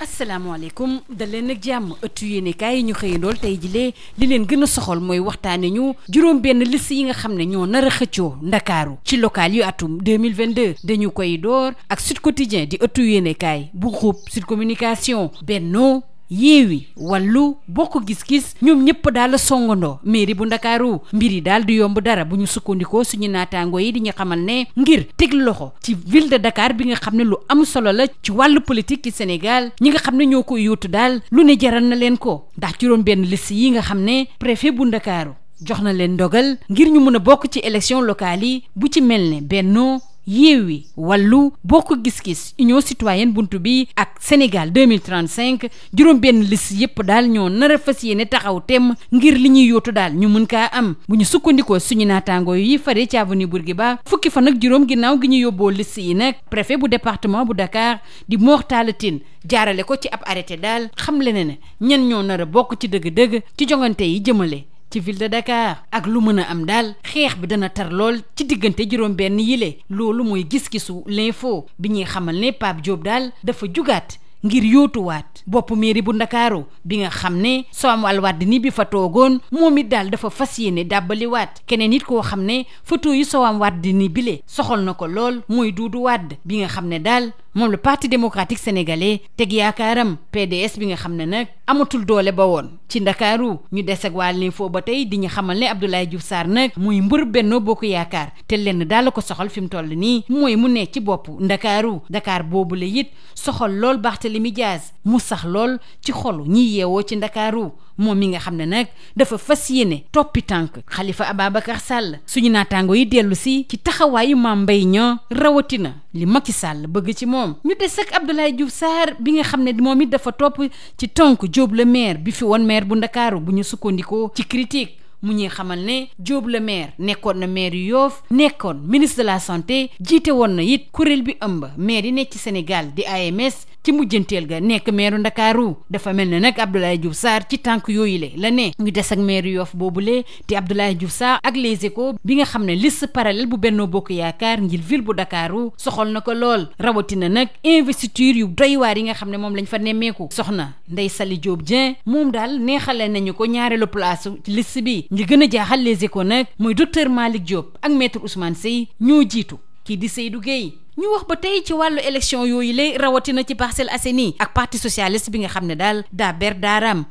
asalaamaaleykum da leen jàmm ëttu yéenekaay yi ñu xëyandool tey jilee li leen gën a soxal mooy waxtaane ñu juróom benn liste yi nga xam ne ñoo nar a xëccoo ndakaaru ci local yu atum deux mille vingt 2022 dañu koy door ak Sud Quotidien di ëttu yéenekaay bu groupe Sud Communication bennoo Yewwi Wallu Bokk Gis Gis ñoom ñëpp daal la songandoo mairie bu Ndakaaru mbir yi daal di yomb dara bu ñu sukkandikoo suñu naataangoo yi di ñu xamal ne ngir teg loxo ci ville de Dakar bi nga xam ne lu am solo la ci wàllu politique ci Sénégal ñi nga xam ne ñoo ko yootu daal lu ne jaral na leen ko ndax ci juróom benn liste yi nga xam ne préfet bu Ndakaaru jox na leen ndogal ngir ñu mën a bokk ci élection locale yi bu ci mel ne bennoo Yewwi Wallu Bokk Gis-Gis Union Citoyenne bunt bi ak Sénégal 2035 juróom benn liste yépp daal ñoo nar a fas yéene taxaw temm ngir li ñuy yootu daal ñu mën kaa am bu ñu sukkandikoo suñu naataangoo yi fare ci avenue Bourguiba fukki fan ak juróom ginnaaw gi ñu yóbboo liste yi nag préfet bu département bu Dakar di Mor Talla Tine jaarale ko ci ab arrêté daal xam le ne ne ñan ñoo nar a bokk ci dëgg-dëgg ci jongante yi jëmale ci ville de Dakar ak lu mën a am daal xeex bi dana tar lool ci diggante juróom-benn yile loolu mooy gis-gisu l'info bi ñuy xamal ne Pape Diop daal dafa jugaat ngir yóotuwaat bopp mairie bu ndakaaru bi nga xam ne Soham El Wardini bi fa toogoon moom it daal dafa fas yéene dàbbaliwaat keneen it koo xam ne photo yi Soham Wardini bile soxal na ko lool mooy Doudou Wade bi nga xam ne daal moom la parti démocratique sénégalais teg yaakaaram PDS bi nga xam ne nag amatul doole ba woon ci ndakaaru ñu des ak waa l'info ba tey di ñu xamal ne Abdoulaye Diouf Sarr nag muy mbër Benno Bokk Yaakaar te lenn daal la ko soxal fi mu toll nii mooy mu ne ci boppu ndakaaru ndakaar boobu la it soxal lool Barthélémy Dias mu sax lool ci xolu ñiy yeewoo ci ndakaaru moom mi nga xam ne nag dafa fas yéene toppi tànk Khalifa Ababacar Sall suñu naataango yi dellu si ci taxawaayu Mame Mbaye Niang rawatina li Macky sàll bëgg ci moom ñu des ak Abdoulaye Diouf Sarr bi nga xam ne moom it dafa topp ci tonk Diop le maire bi fi woon maire bu Ndakaaru bu ñu sukkandikoo ci critique mu ñuy xamal ne Diop la maire nekkoon na maire yoof nekkoon ministre de la santé jiite woon na it kuréel bi ëmb maire yi nekk ci Sénégal di AMS ci mujjanteel ga nekk maire Ndakaaru dafa mel ne nag Abdoulaye Diouf saar ci tànk yooyu le la ne ñu des ak maire yu Yoff boobule te Abdoulaye Diouf Sarr ak Les ko bi nga xam ne liste parallèle bu Benno Bokk Yaakaar ngir ville bu Ndakaaru soxal na ko lool rawatina nag investiture yu doy yi nga xam ne moom lañ fa nemmeeku soxna Ndeye Sali Diop Dieng moom daal neexale nañu ko ñaareelu place ci ñi gën a jaaxal les échos nag mooy docteur Malick Diop ak maître Ousmane Seye ñoo jiitu kii di Seydou Guèye ñu wax ba tey ci wàllu élection yooyu lay rawatina ci Parcelles nii ak parti socialiste bi nga xam ne daal daa ber daaraam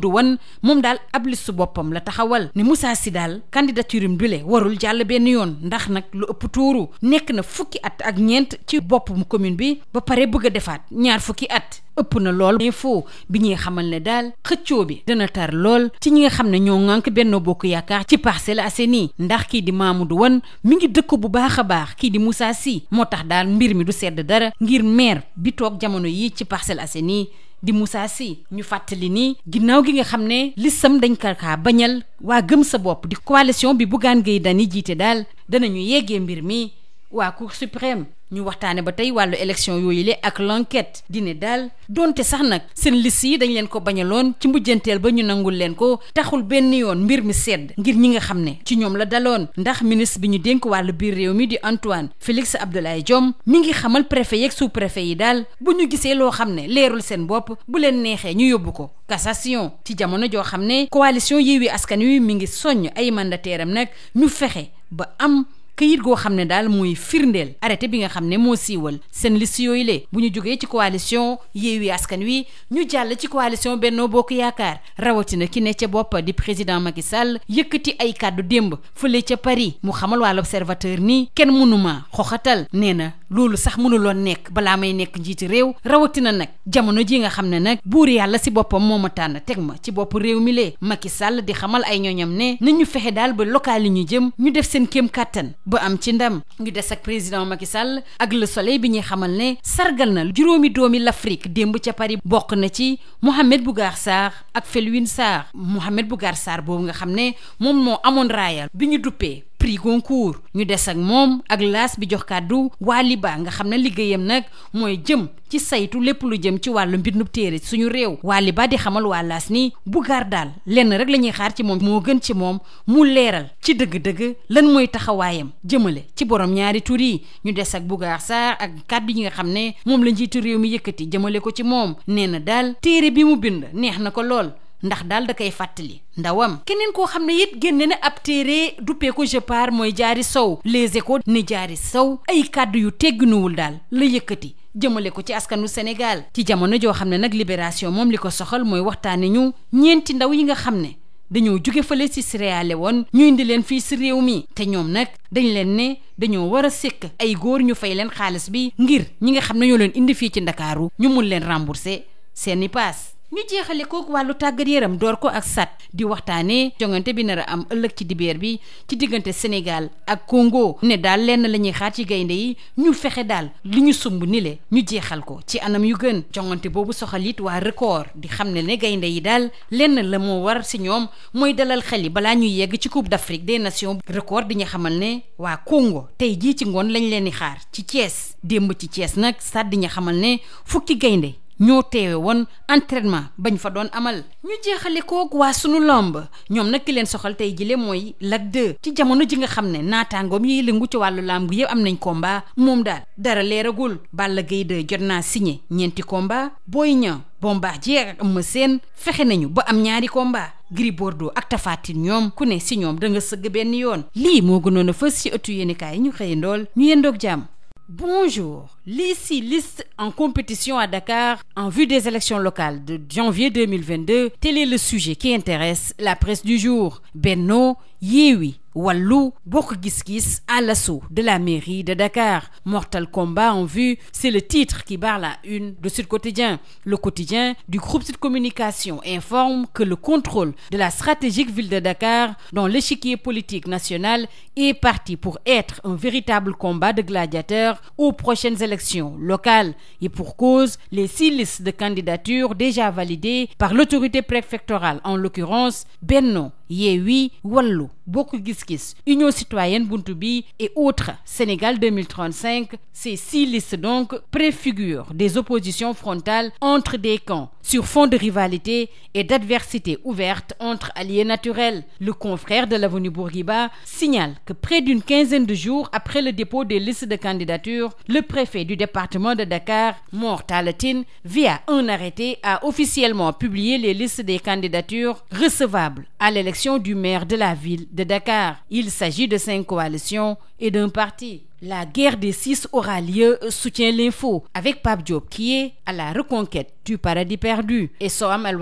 du wan moom daal ab liste boppam la taxawal ne Moussa si daal candidature am dule warul jàll benn yoon ndax nag lu ëpp tuuru nekk na fukki at ak ñeent ci boppu commune bi ba pare bëgg a defaat ñaar fukki at ëpp na lool info bi ñuy xamal ne daal xëccoo bi dana tar lool ci ñi nga xam ne ñoo ŋànk Benno Bokk Yaakaar ci Parcelles Assainies ndax kii di Mamadou Wane mi ngi dëkk bu baax a baax kii di Moussa Sy moo tax daal mbir mi du sedd dara ngir maire bi toog jamono yi ci Parcelles Assainies di Moussa Sy ñu fàttali ni ginnaaw gi nga xam ne listam dañ ko kaa bañal waa gëm sa bopp di coalition bi bu Bougane Gueye Dany jiite daal danañu yeggee mbir mi waa Cour suprême ñu waxtaane ba tey wàllu élection yooyu lee ak l'enquête dine daal donte sax nag seen liste yi dañu leen ko bañaloon ci mujjanteel ba ñu nangul leen ko taxul benn yoon mbir mi sedd ngir ñi nga xam ne ci ñoom la daloon ndax ministre bi ñu dénk wàllu biir réew mi di Antoine Félix Abdoulaye Diome mi ngi xamal préfet yeeg sous préfet yi daal bu ñu gisee loo xam ne leerul seen bopp bu leen neexee ñu yóbbu ko cassation ci jamono joo xam ne coalition Yewwi Askan Wi mi ngi soññ ay mandatairam nag ñu fexe ba am këyit goo xam ne daal mooy firndeel arrêté bi nga xam ne moo siiwal seen liste yooyu le bu ñu jógee ci coalition Yewwi Askan Wi ñu jàll ci coalition Benno Bokk Yaakaar rawatina ki ne ca boppa di président Macky Sall yëkkati ay kàddu démb fële ca Paris mu xamal waa l'Observateur nii kenn mënuma xoxatal nee na loolu sax mënuloon nekk balaa may nekk njiiti réew rawatina nag jamono ji nga xam ne nag buur yàlla si boppam moo a tànn teg ma ci bopp réew mi lee Macky Sall di xamal ay ñooñam ne nañu fexe daal ba local yi ñu jëm ñu def seen kéem kàttan ba am ci ndam ñu des ak président Macky Sall ak Le Soleil bi ñuy xamal ne sargal na juróomi doomi l'Afrique démb ca Paris bokk na ci bu Bougar Sarr ak Felwine Sarr bu Bougar Sarr boobu nga xam ne moom moo amoon raaya bi ñu duppee prix Goncourt ñu des ak moom ak laas bi jox kàddu waa Liba nga xam ne liggéeyam nag mooy jëm ci saytu lépp lu jëm ci wàllu mbindub téere suñu réew waa Liba di xamal waa laas ni Bougane daal lenn rek la ñuy xaar ci moom moo gën ci moom mu leeral ci dëgg-dëgg lan mooy taxawaayam jëmale ci borom ñaari tur yi ñu des ak Bougane Sarr ak kàddu yi nga xam ne moom la njiitu réew mi yëkkati jëmale ko ci moom nee na daal téere bi mu bind neex na ko lool ndax daal da kay fàttali ndawam keneen koo xam ne it génne ne ab téere duppee ko je mooy jaari sow les échos ni jaari sow ay kàddu yu tegginuwul daal la yëkkati jëmale ko ci askanu Sénégal ci jamono joo xam ne nag libération moom li ko soxal mooy waxtaane ñu ñeenti ndaw yi nga xam ne dañoo jóge fële ci Sierra woon ñu indi leen fii si réew mi te ñoom nag dañu leen ne dañoo war a sekk ay góor ñu fay leen xaalis bi ngir ñi nga xam ne ñoo indi fii ci Ndakaaru ñu mun leen rembourser seeni paas ñu jeexale kook wàllu tàggat yaram door ko ak sat di waxtaanee jongante bi nar a am ëllëg ci dibeer bi ci diggante Sénégal ak Congo ne daal lenn la ñuy xaar ci gaynde yi ñu fexe daal li ñu sumb ni le ñu jeexal ko ci anam yu gën jongante boobu soxal it waa record di xam ne ne gaynde yi daal lenn la moo war si ñoom mooy dalal xel yi balaa ñuy yegg ci Coupe d'Afrique des Nations record di ñu xamal ne waa Congo tey jii ci ngoon lañ leen di xaar ci Thiès démb ci Thiès nag sat di ñu xamal ne fukki gaynde ñoo teewe woon entraînement bañ fa doon amal ñu jeexale kook waa sunu lomb ñoom nag ki leen soxal tey jile mooy lag 2 ci jamono ji nga xam ne naataangoom yiy lëngu ci wàllu làmb yëpp am nañ combat moom daal dara leeragul Balla Gaye jot naa signé ñeenti combat Boy Niang Bombardier ak Eumeu Sène fexe nañu ba am ñaari komba Gris Bordeaux ak Tapha Tine ñoom ku ne si ñoom da nga sëgg benn yoon lii moo gënoon a fës ci ëttu yéenekaay yi ñu xëy ndool ñu yendoog jàmm Bonjour. L'ICI liste en compétition à Dakar en vue des élections locales de janvier 2022. Tel est le sujet qui intéresse la presse du jour. Benno, Yewwi Wallou, Bok Giskis à l'assaut de la mairie de Dakar. Mortal combat en vue, c'est le titre qui barre la une de Sud Quotidien. Le quotidien du groupe Sud Communication informe que le contrôle de la stratégique ville de Dakar dans l'échiquier politique national est parti pour être un véritable combat de gladiateurs aux prochaines élections locales. Et pour cause, les six listes de candidatures déjà validées par l'autorité préfectorale, en l'occurrence Benno, Yewwi Wallu Bokk Gis Gis Union Citoyenne Buntu Bi et autres Sénégal 2035 ces six listes donc préfigurent des oppositions frontales entre des camps sur fond de rivalité et d'adversité ouverte entre alliés naturels le confrère de l'avenue Bourguiba signale que près d'une quinzaine de jours après le dépôt des listes de candidature le préfet du département de Dakar Mor Talla Tine via un arrêté a officiellement publié les listes des candidatures recevables à élection du maire de la ville de Dakar. Il s'agit de cinq coalitions et d'un parti. La guerre des six aura lieu, soutient l'info, avec Pape Diop qui est à la reconquête du paradis perdu et Soham El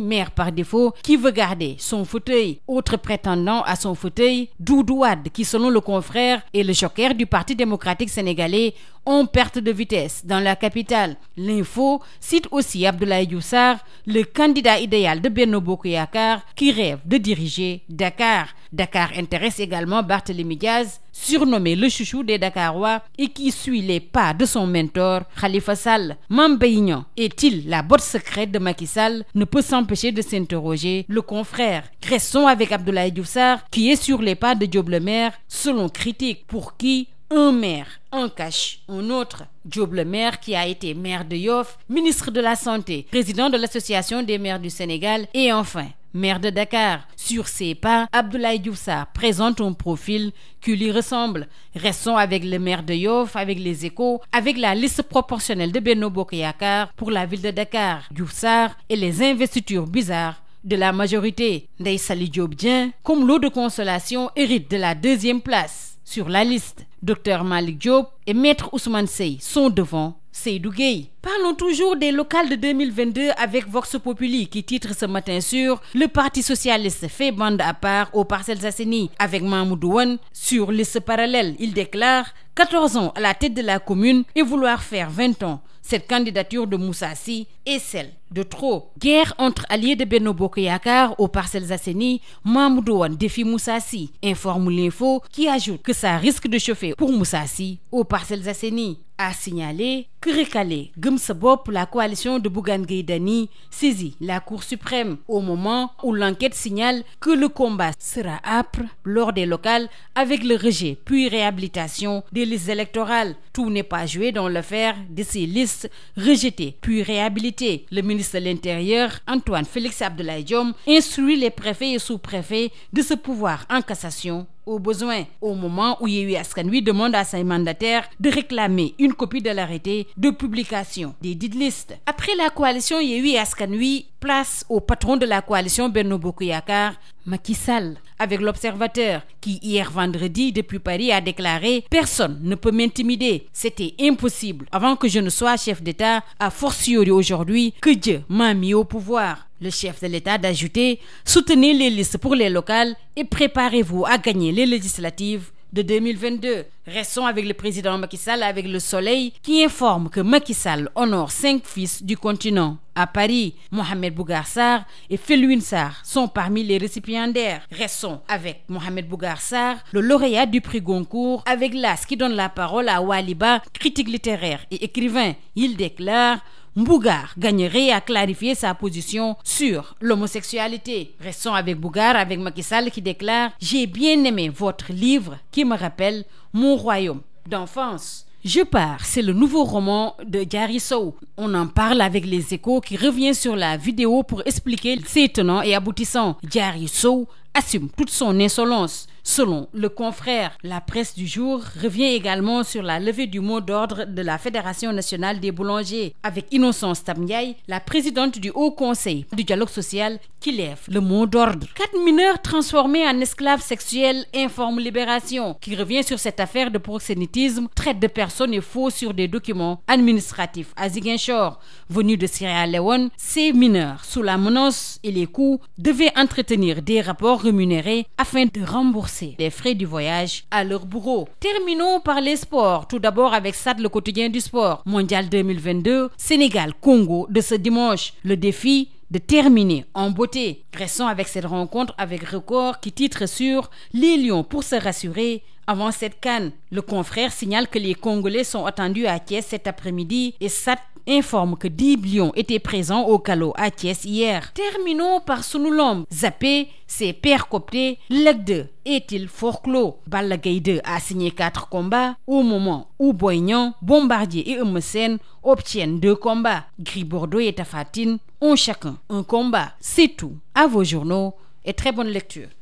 maire par défaut, qui veut garder son fauteuil. Autre prétendant à son fauteuil, Doudou Wade, qui selon le confrère est le joker du Parti démocratique sénégalais en perte de vitesse dans la capitale. L'info cite aussi Abdoulaye Diouf Sarr, le candidat idéal de Benno Bokk qui rêve de diriger Dakar intéresse également Barthélémy Diaz, surnommé le chouchou des Dakarois et qui suit les pas de son mentor Khalifa Sall. Mame Mbaye Niang est-il la botte secrète de Macky Sall? Ne peut s'empêcher de s'interroger le confrère. Restons avec Abdoulaye Diouf Sarr qui est sur les pas de Diop le maire, selon critique pour qui un maire en cache un autre. Diop le maire qui a été maire de Yoff, ministre de la Santé, président de l'Association des maires du Sénégal Maire de Dakar, sur ses pas, Abdoulaye Diouf Sarr présente un profil qui lui ressemble. Restons avec le maire de Yoff, avec les Échos, avec la liste proportionnelle de Benno Bokk Yakaar pour la ville de Dakar. Diouf et les investitures bizarres de la majorité. Ndeye Saly Diop Dieng, comme lot de consolation, hérite de la deuxième place sur la liste. Docteur Malick Diop et Maître Ousmane Seye sont devant Seydou Gueye. Parlons toujours des locales de 2022 avec Vox Populi qui titre ce matin sur Le Parti socialiste fait bande à part aux Parcelles Assainies avec Mamoudou Wane sur liste parallèle. Il déclare 14 ans à la tête de la commune et vouloir faire 20 ans. Cette candidature de Moussassi est celle de trop. Guerre entre alliés de Benno Bokk Yakaar aux Parcelles Assainies, Mamadou Wane défie Moussassi, informe l'info qui ajoute que ça risque de chauffer pour Moussassi aux Parcelles Assainies. A signalé que récalé Gëm Sa Bopp, la coalition de Bougane Gueye Dany saisit la Cour suprême au moment où l'enquête signale que le combat sera âpre lors des locales avec le rejet puis réhabilitation des listes électorales. Tout n'est pas joué dans l'affaire texte rejeté puis réhabilité. Le ministre de l'Intérieur, Antoine Félix Abdoulaye Diome, instruit les préfets et sous-préfets de ce pouvoir en cassation aux besoins au moment où Yewwi Askan Wi demande à ses mandataires de réclamer une copie de l'arrêté de publication des dites listes. Après la coalition Yewwi Askan Wi, place au patron de la coalition Benno Bokk Yakaar, Macky Sall, avec l'Observateur qui hier vendredi depuis Paris a déclaré personne ne peut m'intimider, c'était impossible avant que je ne sois chef d'État, a fortiori aujourd'hui que Dieu m'a mis au pouvoir. Le chef de l'État d'ajouter Soutenez les listes pour les locales et préparez-vous à gagner les législatives de 2022. Restons avec le président Macky Sall avec le Soleil qui informe que Macky Sall honore cinq fils du continent. À Paris, Mohamed Bougar Sarr et Felwine Sarr sont parmi les récipiendaires. Restons avec Mohamed Bougar Sarr, le lauréat du prix Goncourt, avec l'AS qui donne la parole à Waliba, critique littéraire et écrivain. Il déclare Mbougar gagnerait à clarifier sa position sur l'homosexualité. Restons avec Mbougar, avec Macky qui déclare « J'ai bien aimé votre livre qui me rappelle mon royaume d'enfance ». Je pars, c'est le nouveau roman de Diary Sow. On en parle avec les échos qui revient sur la vidéo pour expliquer ses tenants et aboutissants. Sow assume toute son insolence. Selon le confrère, la presse du jour revient également sur la levée du mot d'ordre de la Fédération nationale des boulangers avec Innocence Tamdiaye, la présidente du Haut Conseil du dialogue social qui lève le mot d'ordre. Quatre mineurs transformés en esclaves sexuels informe Libération qui revient sur cette affaire de proxénétisme, traite de personnes et faux sur des documents administratifs à Ziguinchor. Venus de Sierra Leone, ces mineurs, sous la menace et les coups, devaient entretenir rémunérés afin de rembourser les frais du voyage à leur bourreau. Terminons par les sports. Tout d'abord avec SAD, le quotidien du sport. Mondial Sénégal-Congo de ce dimanche. Le défi de terminer en beauté. Restons avec cette rencontre avec Record qui titre sur Les Lions pour se rassurer avant cette canne. Le confrère signale que les Congolais sont attendus à Thiès cet après-midi et SAT informe que 10 lions étaient présents au Calot à Thiès hier. Terminons par Sunulom. Zappé, c'est père copté. Leg 2 est-il fort clos Balla Gaye 2 a signé 4 combats au moment où Boignan, Bombardier et Emerson obtiennent 2 combats. un chacun, un combat. C'est tout. À vos journaux et très bonne lecture.